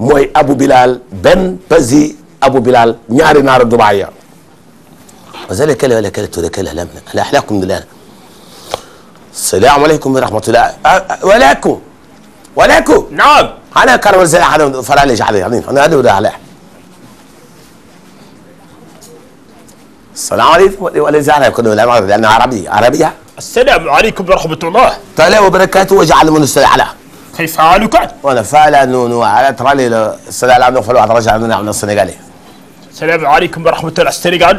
mooy Abu Bilal benn Pazi Abu Bilal ñaari naara Dubaay ya wazalika la walaka la turaka la lam ala ahlakum dilana salaam aleykum wa rahmatullah walakum walakum naam ana karam zala hada fala la jahal yani ana hada ala السلام عليكم وليس على كل لأن عربي عربية السلام عليكم ورحمة الله تعالى وبركاته وجعل من السلام على tey faalu quoi. voilà faala noonu ala trale la salaam wa rahmatulah na Sénégalais. salaamaaleykum wa rahmatulah Sénégal.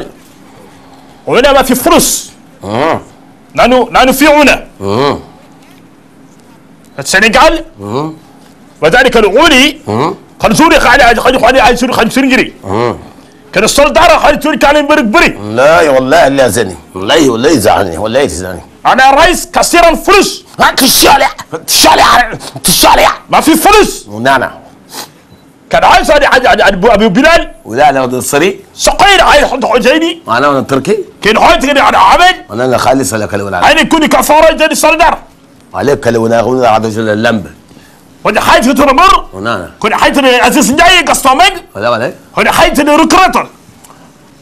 هنا ما في فلوس نحن نحن في عنا السنغال وذلك العولي قد زرق على قد على سوري قد سنجري te da sol dara halitori kalen bari bari wallahi wallahi lazani wallahi wallahi zani wallahi zani انا رئيس كثير الفلوس هاك الشارع الشارع الشارع ما في فلوس نعم كان عايز ابو بلال ولا انا مصري صقير عايز حط حجيني انا من تركي كان حط كده على عمل انا خالص لك لو انا كوني كفاره جاني صدر عليك لو انا غنى عبد اللمبه hoɗe haytetoro mor koɗe haytede asis ndiaye gaston meg hoɗe haytede recruteur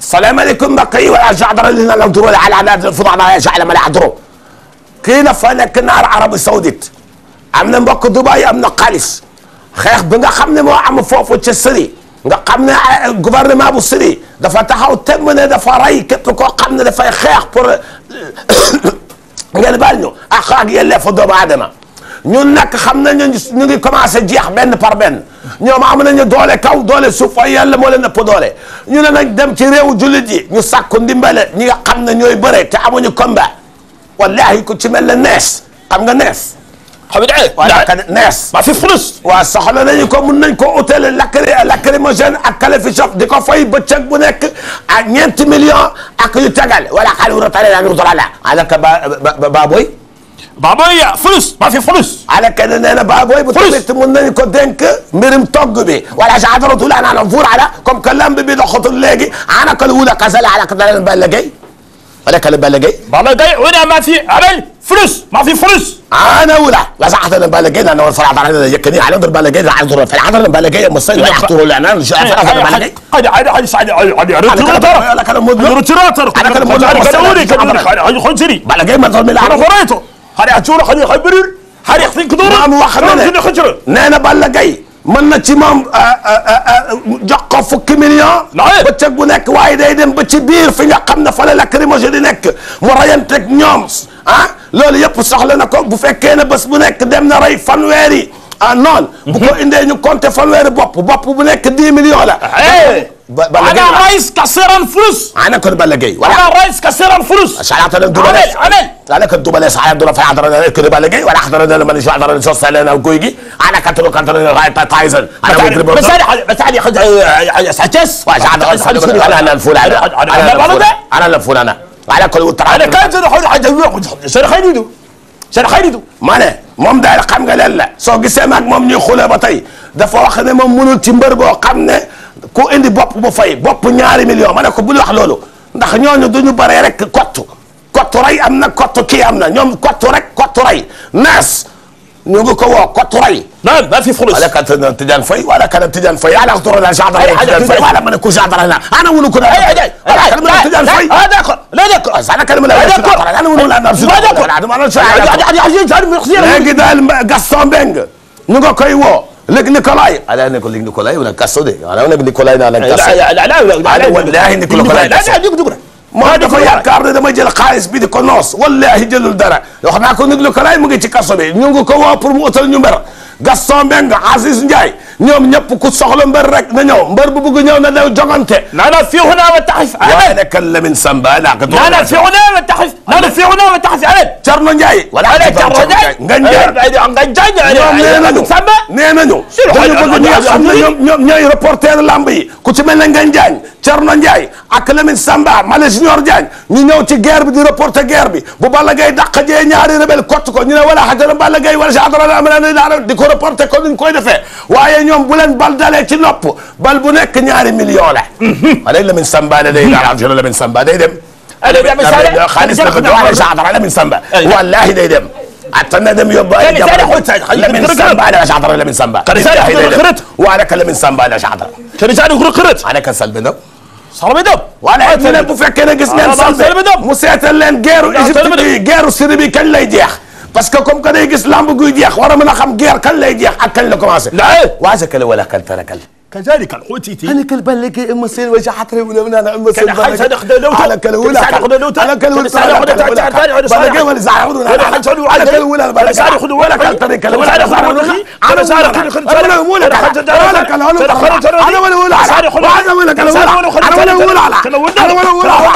السلام عليكم بقي ولا جعدر لنا الدرو على فضع ما يجعل ما يعدرو كينا فانا كنا عرب السعوديت عمنا مبقى دبي امنا قالس خيخ بنا خمنا مو عم فوفو تشسري قمنا قبرنا ما ابو سري دفع تحاو تمنا دفع راي كتلكو قمنا دفع خيخ بور قال بالنو اخاك يلا فضو بعدنا ñun nag xam nañ ne ñu ngi commencé jeex benn par benn ñoom am nañu doole kaw doole suuf ay yàlla moo leen po doole ñu ne nag dem ci réewu jullit yi ñu sàkku ndimbale ñi xam ne ñooy bëre te amuñu komba wallahi ku ci mel ne nees xam nga nees. xam nga eh. waaw naka nees. ma fi fulus. waaw soxla nañu ko nañ ko utile lacry lacrymogène ak kalachnikov di ko fay bëccëg bu nekk ak ñeenti millions ak yu tegal wala xaalis wu rotale la anu rotala. alaka ba ba ba booy. baaboy ya fulus ma fi fulus ala ken nee na baaboy bu tamit mun nañ ko dénk mbirum togg bi wala jadaratu la naan fuur ala comme que lamb bi doxatul léegi ana kal wula kasala ala kadal balla gay wala kal balla gay balla gay wala ma fi abel فلوس ما في فلوس انا ولا لا صح انا بالقيد انا والفرع ترى يكني على ضرب بالقيد على ضرب في العذر بالقيد مستني لا يحضروا الاعلان شو اعرف انا بالقيد قد عاد عاد سعد عاد روتر انا كلام مدمر روتر انا كلام مدمر انا كلام مدمر خنسري بالقيد ما ظلم انا قريته xare a cuura xañi xay bërir xare sin ko doora maam wax na ne nee na Balla Gaye mën na ci moom jox ko fukki million bëccëg bu nekk waaye day dem ba ci biir fi nga xam ne fa la lacrymogène di nekk mu rayanteeg ñoom ah loolu yëpp soxla na ko bu fekkee ne bés bu nekk dem na rey fanweeri ah noonu bu ko indee ñu compter fanweeri bopp bopp bu nekk 10 millions la ba Balla Gaye ana rais kasiran fulus ana kon Balla Gaye ana rais kasiran fulus شعرت دوبل انا انا كنت دوبل ساعه دوبل في عندنا كده Balla Gaye ولا حضرنا لما نشوف عندنا نشوف سالنا وكويجي انا كنت كنت تايزن انا بس انا بس انا خد اساتس انا انا الفول انا انا الفول انا على كل وتر انا كان سنه حول حاجه سنه خيدو seen xaritu ma ne moom daal xam nga leen la soo gisee maag moom ñuy xule ba tey dafa wax ne moom mënul ci mbër boo xam ne ku indi bopp bu fay bopp ñaari million ma ne ko bul wax loolu ndax ñooñu du ñu baree rek kottu kottu rey am na kottu kii am na ñoom kottu rek kottu rey nees ñu ngi ko woo kottu rey. naam maa fi fulus. wala kan Tidiane Faye wala kan Tidiane Faye ala ko la gendarmerie Tidiane Faye wala ma ne ko gendarmerie la ana wulu ko. ay ay ay kan ma ne Tidiane Faye. ah d'accord d'accord. ah ça kan ma ne. d'accord ana wulu la naan si. d'accord léegi daal Gaston Mbengue. ñu ngi koy woo. لنيكولاي على نيكولاي نيكولاي ولا كاسودي انا ولا نيكولاي انا كاسودي لا لا لا لا والله نيكولاي لا لا jóg jóg na moo dafa yaakaar ne dama jël xaalis bi di ko noos wallahi jëlul dara wax naa ko Nicolas mu ngi ci kaso bi ñu ngi ko woo pour mu utal ñu mbër Gaston Mbengue Aziz Ndiaye ñoom ñëpp ku soxla mbër rek na ñëw mbër bu bëgg ñëw na daw jogante naa na fiixu naa wa taxif waaye nekkal Lamine Samba naa ko naa na fiixu naa wa taxif Thierno Ndiaye. voilà Thierno Ndiaye nga Ndiaye. nga eh, Ndiaye eh, ñoom nee eh, nañu. Samba nee nañu. dañu bëgg ñi nga xam ne ñoom ñoom ñooy reporter lamb yi ku ci mel ne nga Ndiaye Thierno Ndiaye ak Lamine Samba Malé Junior Ndiaye ñu ñëw ci guerre bi di reporter guerre bi bu Balla Gaye dàq jee ñaari rebel kott ko ñu ne wala xajara Balla Gaye wala si adara am na daara di ko reporter ko nuñ koy defee waaye ñoom bu leen bal dalee ci nopp bal bu nekk ñaari million la. Mhm. ma day Lamine Samba day daal mhm. am Lamine Samba day dem. xaalis dafa doxal Jadara Lamine Samba. wallaahi day dem. attan na dem yóbbu ay jamono Lamine Samba ala Jadara Lamine Samba. wallaahi day dem waaye nag Lamine Samba ala Jadara. ana ka Salbe Ndao. Salbe Ndao. wala bu fekkee ne gis ah, ngeen Salbe mu seetal leen geeru Égypte bi geeru Syrie bi kañ lay jeex. parce que comme que day gis lamb guy jeex war a mën a xam guerre kan lay jeex ak kañ la commencé. waaza kale wala kan tara kale. كذلك الحوتيتي انا كالبلك ام سيل وجه حتري ولا من انا ام سيل كان حيصدق دوت على كالولا على كالولا صار خد تاع تاع ولا جمل زعر ولا انا حنصد ولا كالولا صار خد ولا كان طريق كالولا صار خد انا صار خد انا ولا ولا كالولا انا ولا ولا صار خد انا ولا كالولا انا ولا ولا انا ولا ولا